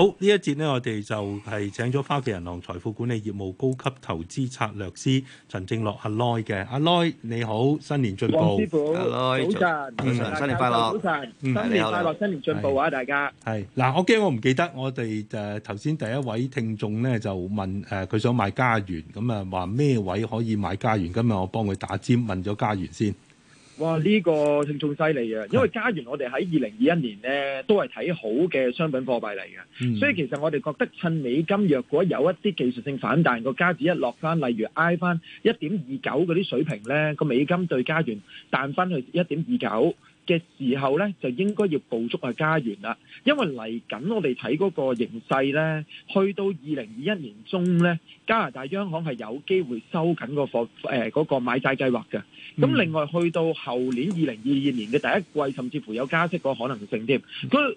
好呢一節呢，我哋就係請咗花旗銀行財富管理業務高級投資策略師陳正犖阿 Lo 嘅阿 Lo 你好，新年進步，L oy, 早晨，早晨，早上嗯、新年快樂，早晨、嗯，新年快樂，新年進步啊，是大家係嗱，我驚我唔記得我哋誒頭先第一位聽眾咧就問誒佢、呃、想買家園咁啊，話咩位可以買家園，今日我幫佢打尖問咗家園先。哇！呢、這個正仲犀利嘅，因為加元我哋喺二零二一年呢都係睇好嘅商品貨幣嚟嘅，嗯、所以其實我哋覺得趁美金若果有一啲技術性反彈，個加指一落翻，例如挨翻一點二九嗰啲水平呢，個美金對加元彈翻去一點二九，嘅時候咧，就應該要捕捉個加元啦。因為嚟緊我哋睇嗰個形勢咧，去到二零二一年中咧，加拿大央行係有機會收緊個貨嗰、呃嗰個買債計劃嘅。咁另外去到後年二零二二年嘅第一季，甚至乎有加息個可能性添。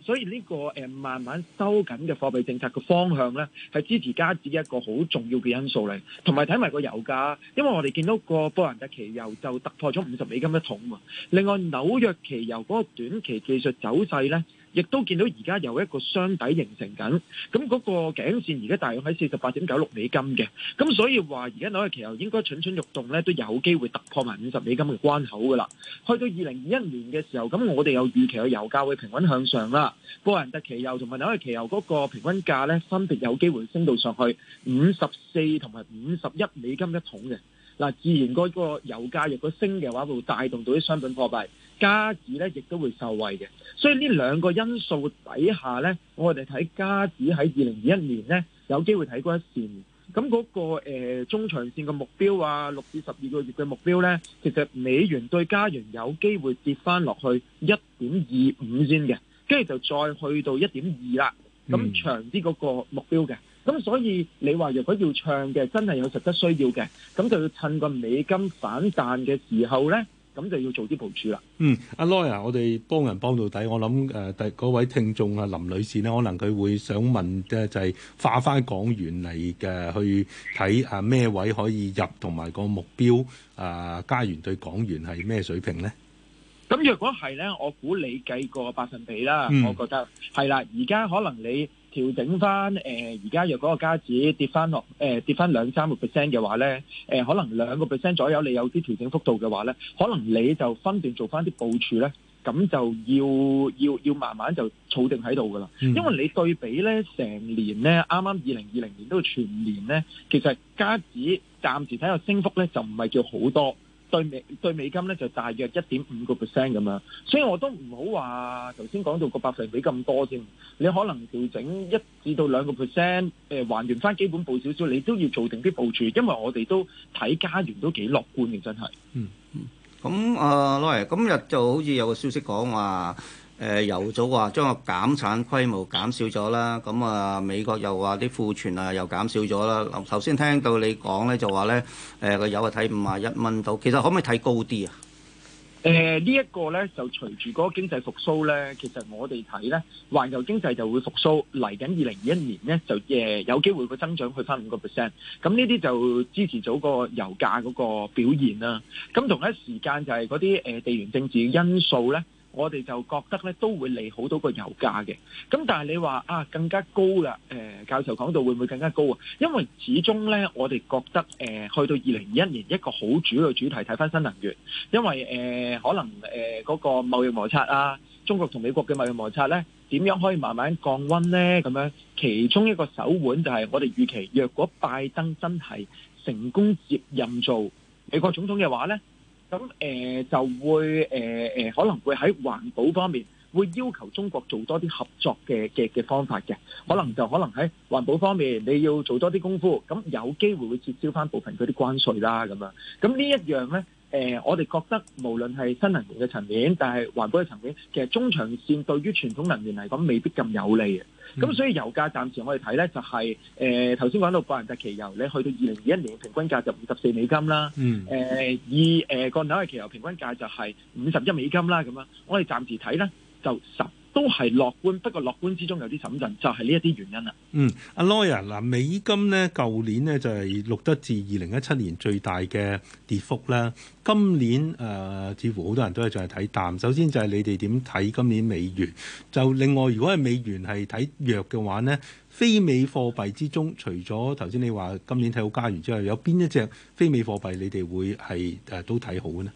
所以呢、呢個、呃、慢慢收緊嘅貨幣政策嘅方向咧，係支持加紙一個好重要嘅因素嚟。同埋睇埋個油價，因為我哋見到個布蘭特期油就突破咗五十美金一桶嘛。另外紐約期油嗰個短期技術走勢呢，亦都見到而家有一個雙底形成緊，咁嗰個頸線而家大約喺四十八點九六美金嘅。咁所以話而家紐約期油應該蠢蠢欲動呢，都有機會突破埋五十美金嘅關口噶啦。去到二零二一年嘅時候，咁我哋有預期嘅油價會平穩向上啦。布蘭特期油同埋紐約期油嗰個平均價呢，分別有機會升到上去五十四同埋五十一美金一桶嘅。嗱，自然嗰個油價如果升嘅話，會帶動到啲商品貨幣，加指咧亦都會受惠嘅，所以呢兩個因素底下咧，我哋睇加指喺二零二一年咧有機會睇過一線嘅。咁嗰個誒中長線嘅目標啊，六至十二個月嘅目標咧，其實美元對加元有機會跌返落去一點二五先嘅，跟住就再去到一點二啦。咁長啲嗰個目標嘅。咁所以你話如果要唱嘅，真係有實質需要嘅，咁就要趁個美金反彈嘅時候咧。咁就要做啲部署啦。嗯，阿 Lawyer，我哋幫人幫到底。我諗誒第嗰位聽眾啊，林女士呢，可能佢會想問嘅就係，是，化翻港元嚟嘅去睇啊咩位可以入，同埋個目標啊加元對港元係咩水平呢？咁若果係咧，我估你計個百分比啦。嗯，我覺得係啦，而家可能你。調整翻誒，而家若果個價指跌翻落跌翻兩三個 percent 嘅話咧，可能兩個 percent 左右，你有啲調整幅度嘅話咧，可能你就分段做翻啲部署咧，咁就要要要慢慢就儲定喺度㗎喇，嗯、因為你對比咧成年咧，啱啱二零二零年都全年咧，其實價指暫時睇下升幅咧就唔係叫好多。對美對美金咧就大約一點五個 percent 咁啊，所以我都唔好話頭先講到個百分比咁多先，你可能調整一至到兩個 percent，誒還原翻基本步少少，你都要做定啲部署，因為我哋都睇加元都幾樂觀嘅，真係。嗯嗯，咁啊，羅偉今日就好似有個消息講話。誒油早話將個減產規模減少咗啦，咁啊美國又話啲庫存啊又減少咗啦。頭先聽到你講咧就話咧，誒個油啊睇五廿一蚊到，其實可唔可以睇高啲啊？誒呢一個咧就隨住嗰個經濟復甦咧，其實我哋睇咧，環球經濟就會復甦，嚟緊二零二一年咧就誒有機會個增長去翻五個 percent，咁呢啲就支持咗個油價嗰個表現啦。咁同一時間就係嗰啲誒地緣政治嘅因素咧。我哋就覺得咧都會利好到個油價嘅，咁但係你話啊更加高啦？誒、呃，教授講到會唔會更加高啊？因為始終咧，我哋覺得誒、呃、去到二零二一年一個好主要主題睇翻新能源，因為誒、呃、可能誒嗰、呃那個貿易摩擦啊，中國同美國嘅貿易摩擦咧點樣可以慢慢降溫咧？咁樣其中一個手腕就係我哋預期，若果拜登真係成功接任做美國總統嘅話咧。咁誒就會誒誒可能會喺環保方面會要求中國做多啲合作嘅嘅嘅方法嘅，可能就可能喺環保方面你要做多啲功夫，咁有機會會撤銷翻部分嗰啲關稅啦咁樣，咁呢一樣咧。誒、呃，我哋覺得無論係新能源嘅層面，但係環保嘅層面，其實中長線對於傳統能源嚟講未必咁有利咁、嗯、所以油價暫時我哋睇咧就係、是，誒頭先講到布蘭特期油你去到二零二一年嘅平均價就五十四美金啦。誒、嗯呃，以誒個人特期油平均價就係五十一美金啦。咁樣，我哋暫時睇咧就十。都係樂觀，不過樂觀之中有啲審慎，就係呢一啲原因啦。嗯，阿 Loy 嗱、啊，美金呢舊年呢就係、是、錄得自二零一七年最大嘅跌幅啦。今年誒、呃，似乎好多人都係仲係睇淡。首先就係你哋點睇今年美元？就另外，如果係美元係睇弱嘅話呢，非美貨幣之中，除咗頭先你話今年睇好加元之外，有邊一隻非美貨幣你哋會係、呃、都睇好呢？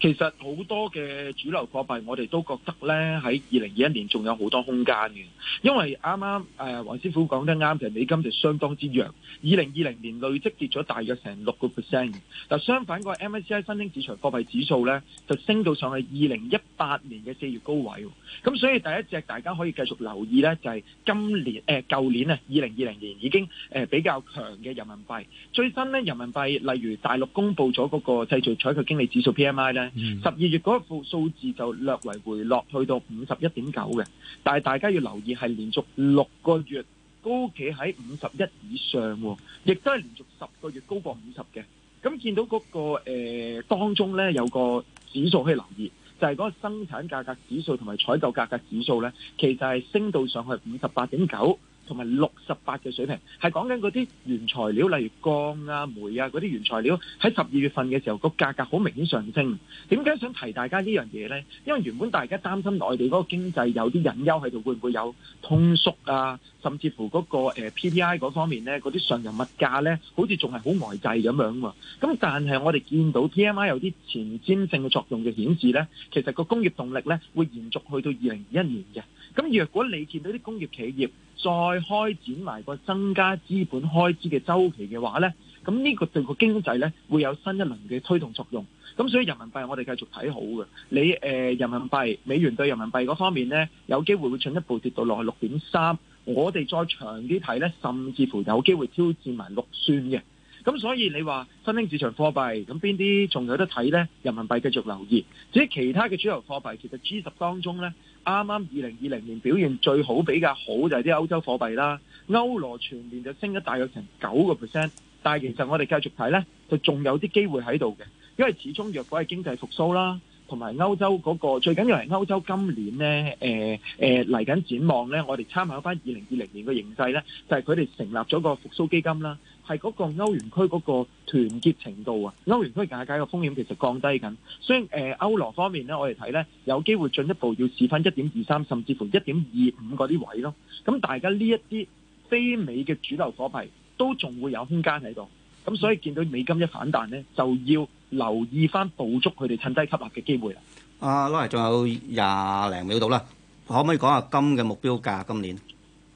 其實好多嘅主流貨幣，我哋都覺得呢，喺二零二一年仲有好多空間嘅，因為啱啱誒黃師傅講得啱，其實美金就相當之弱。二零二零年累積跌咗大約成六個 percent 嘅，但相反個 MSCI 新興市場貨幣指數呢，就升到上去二零一八年嘅四月高位，咁所以第一隻大家可以繼續留意呢，就係、是、今年誒舊、呃、年啊二零二零年已經誒、呃、比較強嘅人民幣。最新呢，人民幣例如大陸公佈咗嗰個製造採購經理指數 PMI。十二、嗯、月嗰副數字就略為回落，去到五十一點九嘅。但係大家要留意，係連續六個月高企喺五十一以上，亦都係連續十個月高過五十嘅。咁見到嗰、那個誒、呃、當中呢，有個指數可以留意，就係、是、嗰個生產價格指數同埋採購價格指數呢，其實係升到上去五十八點九，同埋六十八嘅水平，係講緊嗰啲原材料，例如鋼啊、煤啊嗰啲原材料，喺十二月份嘅時候個價格好明顯上升。點解想提大家呢樣嘢呢？因為原本大家擔心內地嗰個經濟有啲隱憂喺度，會唔會有通縮啊？甚至乎嗰個誒、呃、PPI 嗰方面呢，嗰啲上游物價呢，好似仲係好呆滯咁樣。咁但係我哋見到 PMI 有啲前瞻性嘅作用嘅顯示呢，其實個工業動力呢，會延續去到二零二一年嘅。咁若果你見到啲工業企業再開展埋個增加資本開支嘅周期嘅話呢，呢咁呢個對個經濟呢會有新一輪嘅推動作用。咁所以人民幣我哋繼續睇好嘅。你誒、呃、人民幣美元對人民幣嗰方面呢，有機會會進一步跌到落去六點三。我哋再長啲睇呢，甚至乎有機會挑戰埋六算嘅。咁所以你話新興市場貨幣咁邊啲仲有得睇呢？人民幣繼續留意。至於其他嘅主流貨幣，其實 G 十當中呢。啱啱二零二零年表現最好比較好就係啲歐洲貨幣啦，歐羅全年就升咗大約成九個 percent，但係其實我哋繼續睇呢，就仲有啲機會喺度嘅，因為始終若果係經濟復甦啦，同埋歐洲嗰個最緊要係歐洲今年呢，誒誒嚟緊展望呢，我哋參考返二零二零年嘅形勢呢，就係佢哋成立咗個復甦基金啦。係嗰個歐元區嗰個團結程度啊，歐元區解解個風險其實降低緊，所以誒歐羅方面咧，我哋睇咧有機會進一步要試翻一點二三，甚至乎一點二五嗰啲位咯。咁大家呢一啲非美嘅主流貨幣都仲會有空間喺度，咁所以見到美金一反彈咧，就要留意翻捕捉佢哋趁低吸納嘅機會啦。啊，攞嚟，仲有廿零秒到啦，可唔可以講下金嘅目標價今年？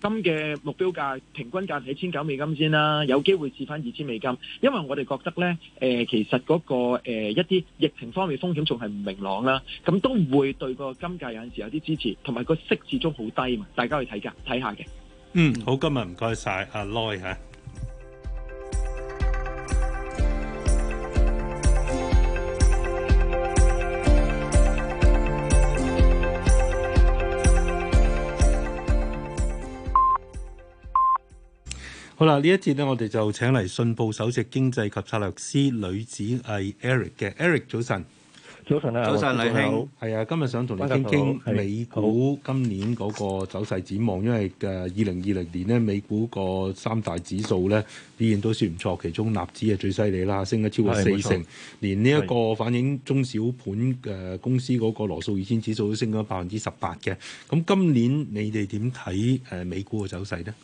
金嘅目標價平均價喺千九美金先啦，有機會試返二千美金，因為我哋覺得呢，誒、呃、其實嗰、那個、呃、一啲疫情方面風險仲係唔明朗啦，咁都會對個金價有陣時有啲支持，同埋個息始終好低嘛，大家去睇㗎，睇下嘅。嗯，好、哦，今日唔該晒阿 Loy 嚇。好啦，呢一節呢，我哋就請嚟信報首席經濟及策略師呂梓毅 Eric 嘅。Eric 早晨，早晨啊，早晨，你好。係啊，今日想同你傾傾美股今年嗰個走勢展望。因為嘅二零二零年呢，美股個三大指數咧表現都算唔錯，其中納指係最犀利啦，升咗超過四成，連呢一個反映中小盤嘅公司嗰個羅素二千指數都升咗百分之十八嘅。咁今年你哋點睇誒美股嘅走勢呢？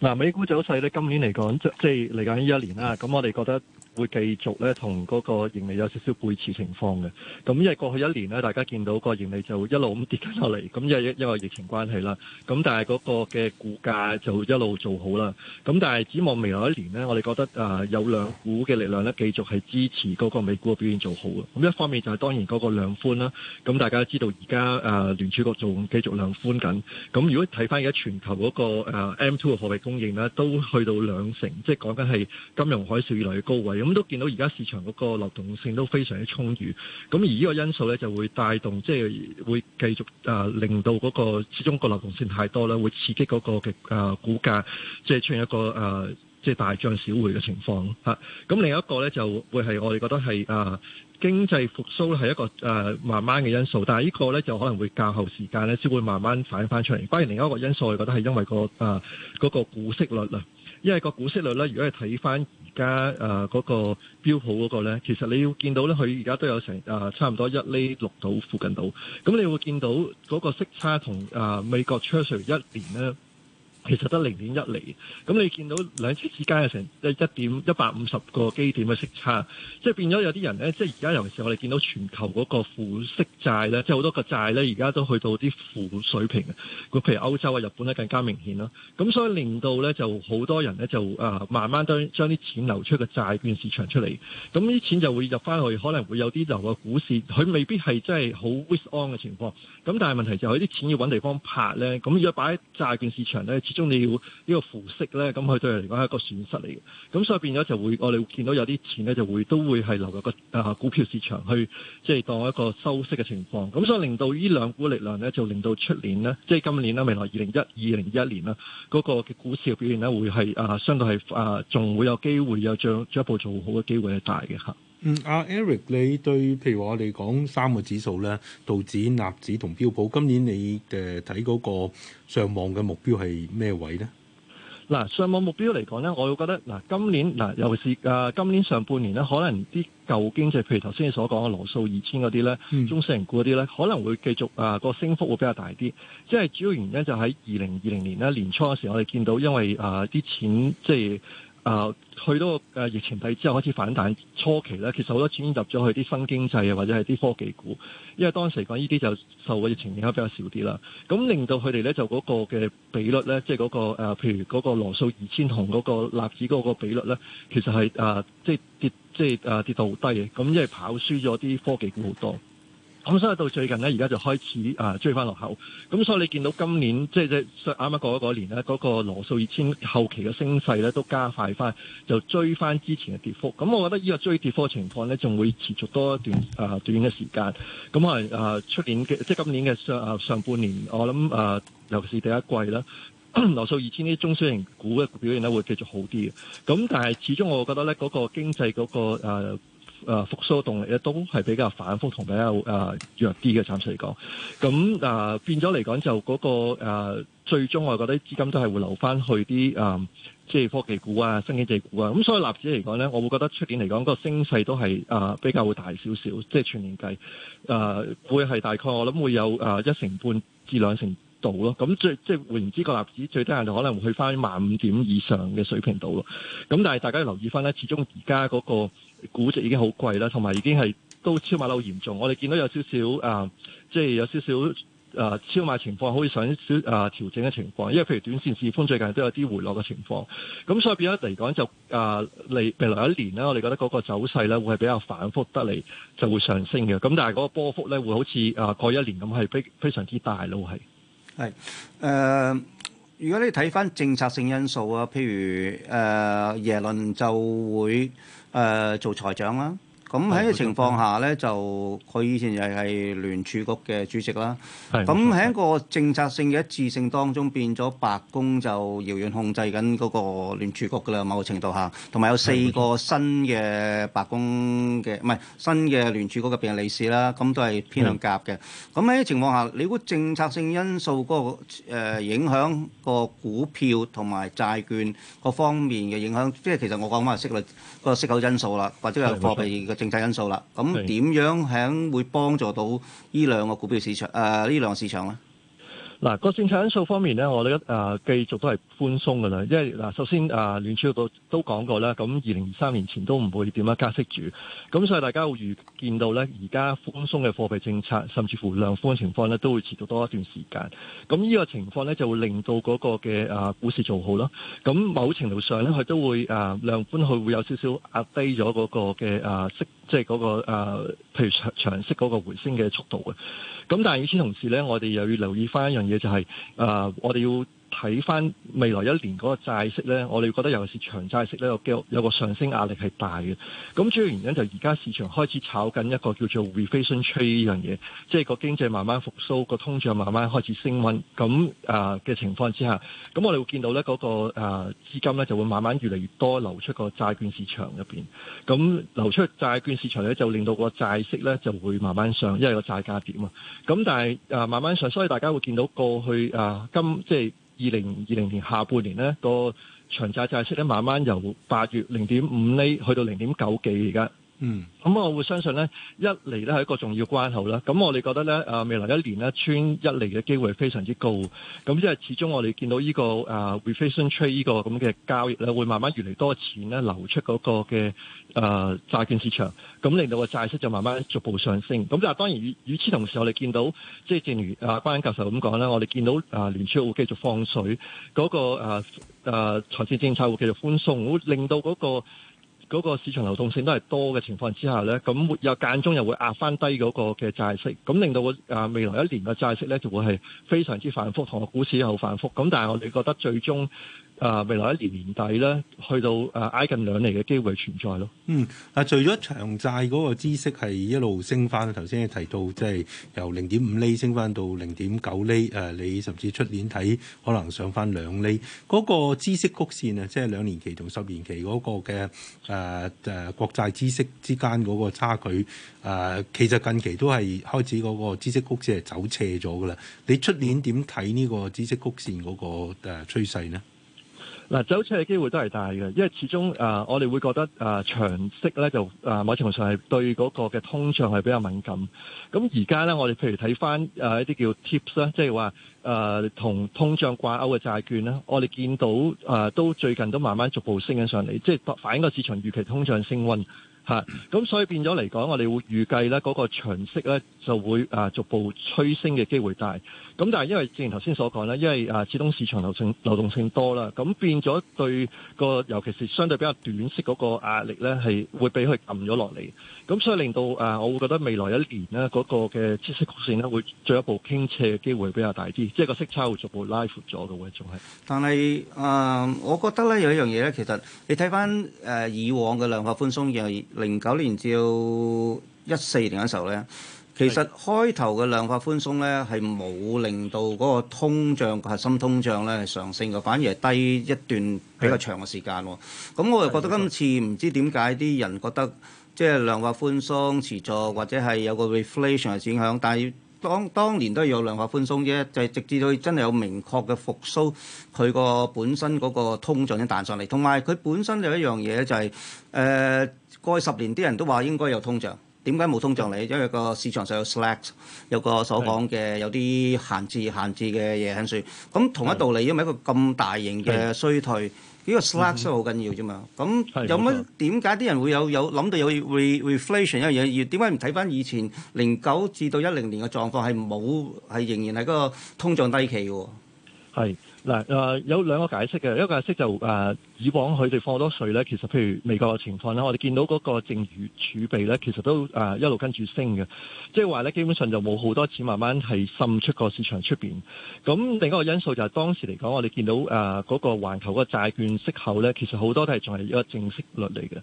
嗱、啊，美股走勢咧，今年嚟講，即即係嚟緊呢一年啦，咁我哋覺得，會繼續咧同嗰個盈利有少少背馳情況嘅，咁因為過去一年呢，大家見到個盈利就一路咁跌緊落嚟，咁因因為疫情關係啦，咁但係嗰個嘅股價就一路做好啦，咁但係指望未來一年呢，我哋覺得誒有兩股嘅力量咧，繼續係支持嗰個美股嘅表現做好嘅。咁一方面就係當然嗰個量寬啦，咁大家都知道而家誒聯儲局仲繼續量寬緊，咁如果睇翻而家全球嗰個 M2 嘅貨幣供應呢，都去到兩成，即係講緊係金融海嘯以來嘅高位。咁都見到而家市場嗰個流動性都非常之充裕，咁而呢個因素咧就會帶動，即係會繼續啊，令到嗰個始終個流動性太多呢，會刺激嗰個嘅啊股價，即係出現一個啊即係大漲小回嘅情況嚇。咁另一個咧就會係我哋覺得係啊經濟復甦係一個啊慢慢嘅因素，但係呢個咧就可能會較後時間咧先會慢慢反映翻出嚟。關於另一個因素，我哋覺得係因為個啊嗰個股息率啦，因為個股息率咧，如果係睇翻。而家誒嗰個標普嗰個咧，其實你要見到咧，佢而家都有成誒差唔多一厘六度附近到，咁你會見到嗰個息差同誒美國 Treasury 一年咧。其實得零點一厘。咁你見到兩隻之間有成一一點一百五十個基點嘅息差，即係變咗有啲人呢。即係而家尤其是我哋見到全球嗰個負息債呢，即係好多個債呢，而家都去到啲負水平，佢譬如歐洲啊、日本呢，更加明顯咯。咁所以令到呢，就好多人呢，就、啊、慢慢將將啲錢流出個債券市場出嚟，咁啲錢就會入翻去，可能會有啲流嘅股市，佢未必係真係好 risk on 嘅情況。咁但係問題就係啲錢要揾地方拍呢。咁如果擺喺債券市場呢。中你要呢個浮息咧，咁佢對嚟講係一個損失嚟嘅。咁所以變咗就會，我哋見到有啲錢咧就會都會係流入個啊股票市場去，即係當一個收息嘅情況。咁所以令到呢兩股力量咧，就令到出年呢，即係今年啦，未來二零一、二零一一年啦，嗰個嘅股市表現咧，會係啊相對係啊，仲會有機會有進進一步做好嘅機會係大嘅嚇。嗯，阿 Eric，你對譬如話我哋講三個指數咧，道指、納指同標普，今年你睇嗰個上望嘅目標係咩位呢？嗱，上望目標嚟講咧，我會覺得嗱，今年嗱，尤其是今年上半年咧，可能啲舊經濟，譬如頭先你所講嘅羅素二千嗰啲咧，嗯、中小型股嗰啲咧，可能會繼續啊、嗰個升幅會比較大啲。即係主要原因就喺二零二零年咧年初嗰時候，我哋見到因為啊啲錢即係。啊，去到誒疫情底之後開始反彈初期咧，其實好多錢入咗去啲新經濟啊，或者係啲科技股，因為當時講呢啲就受疫情影響比較少啲啦。咁令到佢哋咧就嗰個嘅比率咧，即係嗰個譬如嗰個羅素二千同嗰個納指嗰個比率咧，其實係誒即係跌，即係跌到好低嘅。咁因為跑輸咗啲科技股好多。咁所以到最近呢，而家就開始啊追翻落後。咁所以你見到今年即係即啱啱過咗嗰年呢，嗰、嗰個羅素二千後期嘅升勢咧都加快翻，就追翻之前嘅跌幅。咁我覺得呢個追跌幅情況呢，仲會持續多一段啊短嘅時間。咁啊啊出年嘅即今年嘅上、啊、上半年，我諗啊尤其是第一季啦、啊，羅素二千啲中小型股嘅表現呢，會繼續好啲嘅。咁但係始終我覺得呢，嗰、嗰個經濟嗰、嗰個、啊誒復甦嘅動力咧，都係比較反覆同比較誒弱啲嘅，暫時嚟講，咁誒變咗嚟講，就嗰、那個、呃、最終，我覺得資金都係會留翻去啲誒，即、嗯、係、就是、科技股啊、新經濟股啊。咁所以納指嚟講咧，我會覺得出年嚟講，個升勢都係誒、呃、比較會大少少，即、就、係、是、全年計誒、呃、會係大概我諗會有誒一成半至兩成度咯。咁最即係換言之，個納指最低限度可能會去翻萬五點以上嘅水平度咯。咁但係大家要留意翻咧，始終而家嗰個。估值已經好貴啦，同埋已經係都超買得好嚴重。我哋見到有少少啊、呃，即係有少少啊、呃、超買情況，好似想少啊調整嘅情況。因為譬如短線市況最近都有啲回落嘅情況，咁所以變咗嚟講就啊，嚟、呃、未來一年呢，我哋覺得嗰個走勢咧會係比較反覆得嚟就會上升嘅。咁但係嗰個波幅咧會好似啊、呃、過一年咁係非非常之大咯，係。係誒、呃，如果你睇翻政策性因素啊，譬如誒、呃、耶倫就會。誒、呃，做財長啦。咁喺呢個情況下咧，嗯、就佢以前又係聯儲局嘅主席啦。咁喺、嗯、一個政策性嘅一致性當中，變咗白宮就遙遠控制緊嗰個聯儲局噶啦。某個程度下，同埋有四個新嘅白宮嘅唔係新嘅聯儲局嘅理事啦。咁都係偏向夾嘅。咁喺、嗯、情況下，你估政策性因素嗰、嗰個、呃、影響個股票同埋債券各方面嘅影響？即係其實我講翻係息率、嗰個息口因素啦，或者係貨幣嘅。政策因素啦，咁點樣響會幫助到呢兩個股票市場？誒呢、呃、兩個市場咧？嗱個政策因素方面咧，我覺得啊，繼續都係寬鬆㗎啦。因為嗱，首先啊，聯儲局都講過啦，咁二零二三年前都唔會點樣加息住，咁所以大家會預見到咧，而家寬鬆嘅貨幣政策，甚至乎量寬嘅情況咧，都會持續多一段時間。咁呢個情況咧，就會令到嗰個嘅啊股市做好囉。咁某程度上咧，佢都會啊量寬，佢會有少少壓低咗嗰個嘅啊息。即係嗰、那個誒、呃，譬如長長息嗰個回升嘅速度嘅，咁但係與此同時咧，我哋又要留意翻一樣嘢、就是，就係誒，我哋要睇翻未來一年嗰個債息呢，我哋覺得尤其長債息呢，有個上升壓力係大嘅。咁主要原因就而家市場開始炒緊一個叫做 reflation trade 呢樣嘢，即係個經濟慢慢復甦，個通脹慢慢開始升溫。咁啊嘅情況之下，咁我哋會見到呢嗰個啊資金呢，就會慢慢越嚟越多流出個債券市場入面。咁流出債券市場呢，就令到個債息呢，就會慢慢上，因為個債價跌嘛。咁但係慢慢上，所以大家會見到過去啊今即係。二零二零年下半年呢，個長債債息呢，慢慢由八月零點五厘去到零點九幾，而家。嗯，咁我會相信呢，一嚟呢係一個重要關口啦。咁我哋覺得呢、啊，未來一年呢，穿一嚟嘅機會非常之高。咁即係始終我哋見到呢、這個誒、啊、reflation trade 呢個咁嘅交易呢，會慢慢越嚟多錢呢流出嗰、那個嘅誒債券市場，咁、嗯、令到個債息就慢慢逐步上升。咁但係當然與與此同時，我哋見到即係正如啊關教授咁講啦，我哋見到誒聯儲會繼續放水，嗰、那個誒誒財政政策會繼續寬鬆，會令到嗰、那個。嗰個市場流動性都係多嘅情況之下呢，咁有間中又會壓翻低嗰個嘅債息，咁令到個未來一年嘅債息呢就會係非常之反覆，同個股市又好反覆。咁但係我哋覺得最終。啊！未來一年年底咧，去到啊挨近兩厘嘅機會存在咯。嗯，嗱，除咗長債嗰個孳息係一路升翻，頭先你提到即係由零點五厘升翻到零點九厘，誒，你甚至出年睇可能上翻兩厘，嗰、嗰個孳息曲線啊，即係兩年期同十年期嗰個嘅誒誒國債孳息之間嗰個差距，誒、呃，其實近期都係開始嗰個孳息曲線係走斜咗噶啦。你出年點睇呢個孳息曲線嗰個誒趨勢咧？嗱，走車嘅機會都係大嘅，因為始終誒、呃，我哋會覺得誒，長息咧就誒、呃，某程度上係對嗰個嘅通脹係比較敏感。咁而家咧，我哋譬如睇返誒一啲叫 tips 啦，即係話誒同通脹掛鈎嘅債券咧，我哋見到誒、呃、都最近都慢慢逐步升緊上嚟，即係反映個市場預期通脹升溫。咁、嗯、所以變咗嚟講，我哋會預計咧嗰、那個長息咧就會啊逐步趨升嘅機會大。咁但係因為正如頭先所講啦，因為啊始終市場流動性流動性多啦，咁變咗對個尤其是相對比較短息嗰個壓力咧係會俾佢撳咗落嚟。咁所以令到啊，我會覺得未來一年呢嗰、那個嘅孳息曲線咧會進一步傾斜嘅機會比較大啲，即係個息差會逐步拉闊咗嘅喎仲係。但係啊、呃，我覺得咧有一樣嘢咧，其實你睇返、呃、以往嘅量化寬鬆嘅。零九年至到一四年嘅時候咧，其實開頭嘅量化寬鬆咧係冇令到嗰個通脹核心通脹咧上升嘅，反而係低一段比較長嘅時間喎。咁的我又覺得今次唔知點解啲人覺得即係量化寬鬆持續或者係有個 reflation 嘅影響，但係當當年都係有量化寬鬆啫，就係直至到真係有明確嘅復甦，佢個本身嗰個通脹先彈上嚟，同埋佢本身有一樣嘢就係、是、誒。呃過去十年啲人都話應該有通脹，點解冇通脹，你因為個市場上有 slack，有個所講嘅有啲閒置、閒置嘅嘢喺度。咁同一道理，是的 因為一個咁大型嘅衰退，呢是的 個 slack 都好緊要啫嘛。咁、嗯、哼 有乜點解啲人會有有諗到有 reflation 一樣嘢？點解唔睇翻以前零九至到一零年嘅狀況係冇係仍然係嗰個通脹低期嘅？係嗱誒，有兩個解釋嘅，一個解釋就誒。呃以往佢哋放多稅呢，其實譬如美國嘅情況呢，我哋見到嗰個淨餘儲備呢，其實都誒、啊、一路跟住升嘅，即係話呢，基本上就冇好多錢慢慢係滲出個市場出面。咁另一個因素就係當時嚟講，我哋見到誒嗰、啊那個環球嗰個債券息口呢，其實好多都係仲係一個正息率嚟嘅。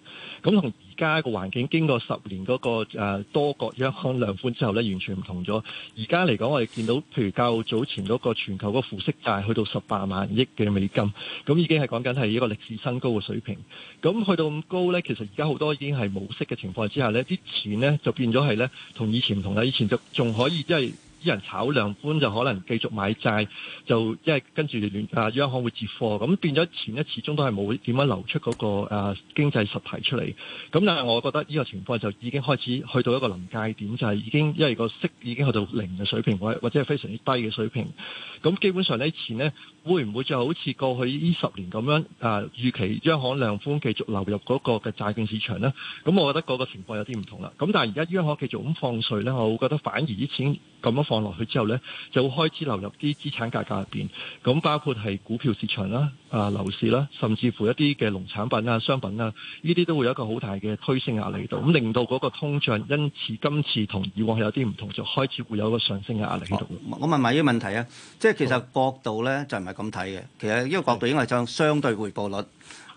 咁同而家個環境經過十年嗰、那個、啊、多國央行量寬之後呢，完全唔同咗。而家嚟講，我哋見到譬如較早前嗰個全球嗰個負息債去到十八萬億嘅美金，咁已經係講緊係一個歷。至新高嘅水平，咁去到咁高咧，其實而家好多已經係無息嘅情況之下咧，啲錢咧就變咗係咧同以前唔同啦，以前就仲可以即係。就是啲人炒量寬就可能繼續買債，就因為跟住聯啊央行會接貨，咁變咗錢咧始終都係冇點樣流出嗰個啊經濟實體出嚟。咁但係我覺得呢個情況就已經開始去到一個臨界點，就係已經因為個息已經去到零嘅水平，或者係非常之低嘅水平。咁基本上呢錢呢，會唔會就好似過去呢十年咁樣啊預期央行量寬繼續流入嗰個嘅債券市場呢？咁我覺得嗰個情況有啲唔同啦。咁但係而家央行繼續咁放水呢，我會覺得反而啲錢咁樣，放落去之後呢，就會開始流入啲資產價格入邊，咁包括係股票市場啦、啊、啊樓市啦、啊，甚至乎一啲嘅農產品啊、商品啊，呢啲都會有一個好大嘅推升壓力喺度，咁令到嗰個通脹，因此今次同以往係有啲唔同，就開始會有一個上升嘅壓力喺度、啊。我問埋呢個問題啊，即係其實角度呢，就唔係咁睇嘅，其實呢個角度應該係將相對回報率。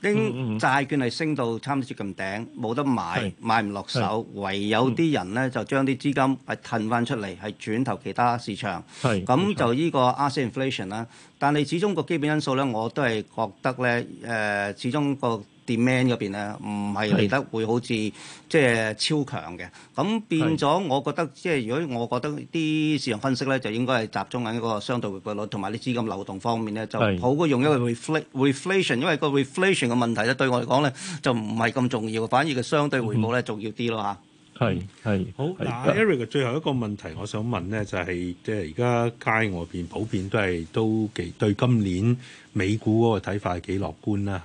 啲債券係升到差唔多接近頂，冇得買，買唔落手，唯有啲人咧就將啲資金係褪翻出嚟，係轉投其他市場。係，咁就依個 asset inflation 啦。但係始終個基本因素咧，我都係覺得咧，誒、呃、始終個 demand 嗰邊咧，唔係嚟得會好似是即係超強嘅。咁變咗，我覺得是即係如果我覺得啲市場分析咧，就應該係集中緊一個相對回報率同埋啲資金流動方面咧，就好過用一個 reflation 是。因為個 reflation 嘅問題咧，對我嚟講咧，就唔係咁重要，反而個相對回報咧、嗯、哼重要啲咯嚇。係係好嗱，Eric 嘅最後一個問題，我想問咧，就係即係而家街外邊普遍都係都幾對今年美股嗰個睇法係幾樂觀啦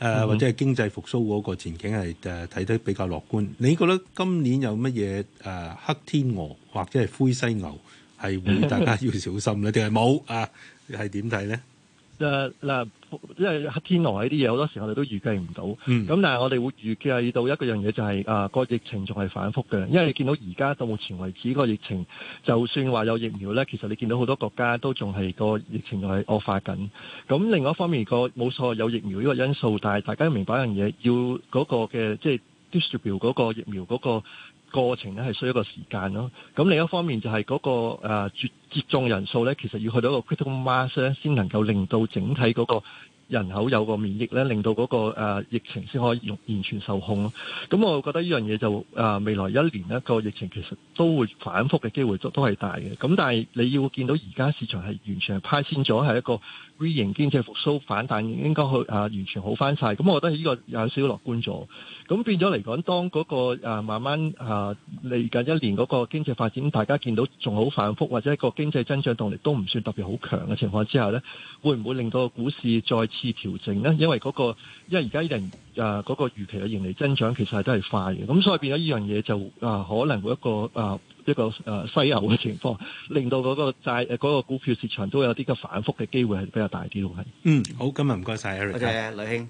嚇，誒、啊、或者係經濟復甦嗰個前景係誒睇得比較樂觀。你覺得今年有乜嘢誒黑天鵝或者係灰犀牛係會 大家要小心咧，定係冇啊？係點睇咧？誒嗱，因為黑天鵝呢啲嘢好多時我哋都預計唔到，咁但係我哋會預計到一個樣嘢，就係誒個疫情仲係反覆嘅。因為你見到而家到目前為止，個疫情就算話有疫苗咧，其實你見到好多國家都仲係、個疫情仲係惡化緊。咁另外一方面，個冇錯有疫苗呢個因素，但係大家要明白一樣嘢，要嗰個嘅即係、就是、distribute 嗰個疫苗嗰、嗰個。過程咧係需要一個時間咯，咁另一方面就係嗰、嗰個誒接、啊、接種人數咧，其實要去到一個 critical mass 咧，先能夠令到整體嗰、嗰個。人口有個免疫咧，令到嗰個、誒、疫情先可以用完全受控咯。咁我覺得呢樣嘢就、誒、未來一年一個疫情其實都會反覆嘅機會都都係大嘅。咁但係你要見到而家市場係完全係派先咗，係一個 V 型經濟復甦反彈，應該去、誒、完全好翻晒。咁我覺得呢個有少少樂觀咗。咁變咗嚟講，當嗰個、誒、慢慢誒嚟緊一年嗰個經濟發展，大家見到仲好反覆，或者個經濟增長動力都唔算特別好強嘅情況之下呢，會唔會令到個股市再次調整咧，因為嗰個，因為而家依樣嗰個預期嘅盈利增長其實係真係快嘅，咁所以變咗呢樣嘢就啊可能會一個啊一個西牛嘅情況，令到嗰個債嗰個股票市場都有啲嘅反覆嘅機會係比較大啲咯。嗯，好，今日唔該晒 Eric 多謝，呂兄。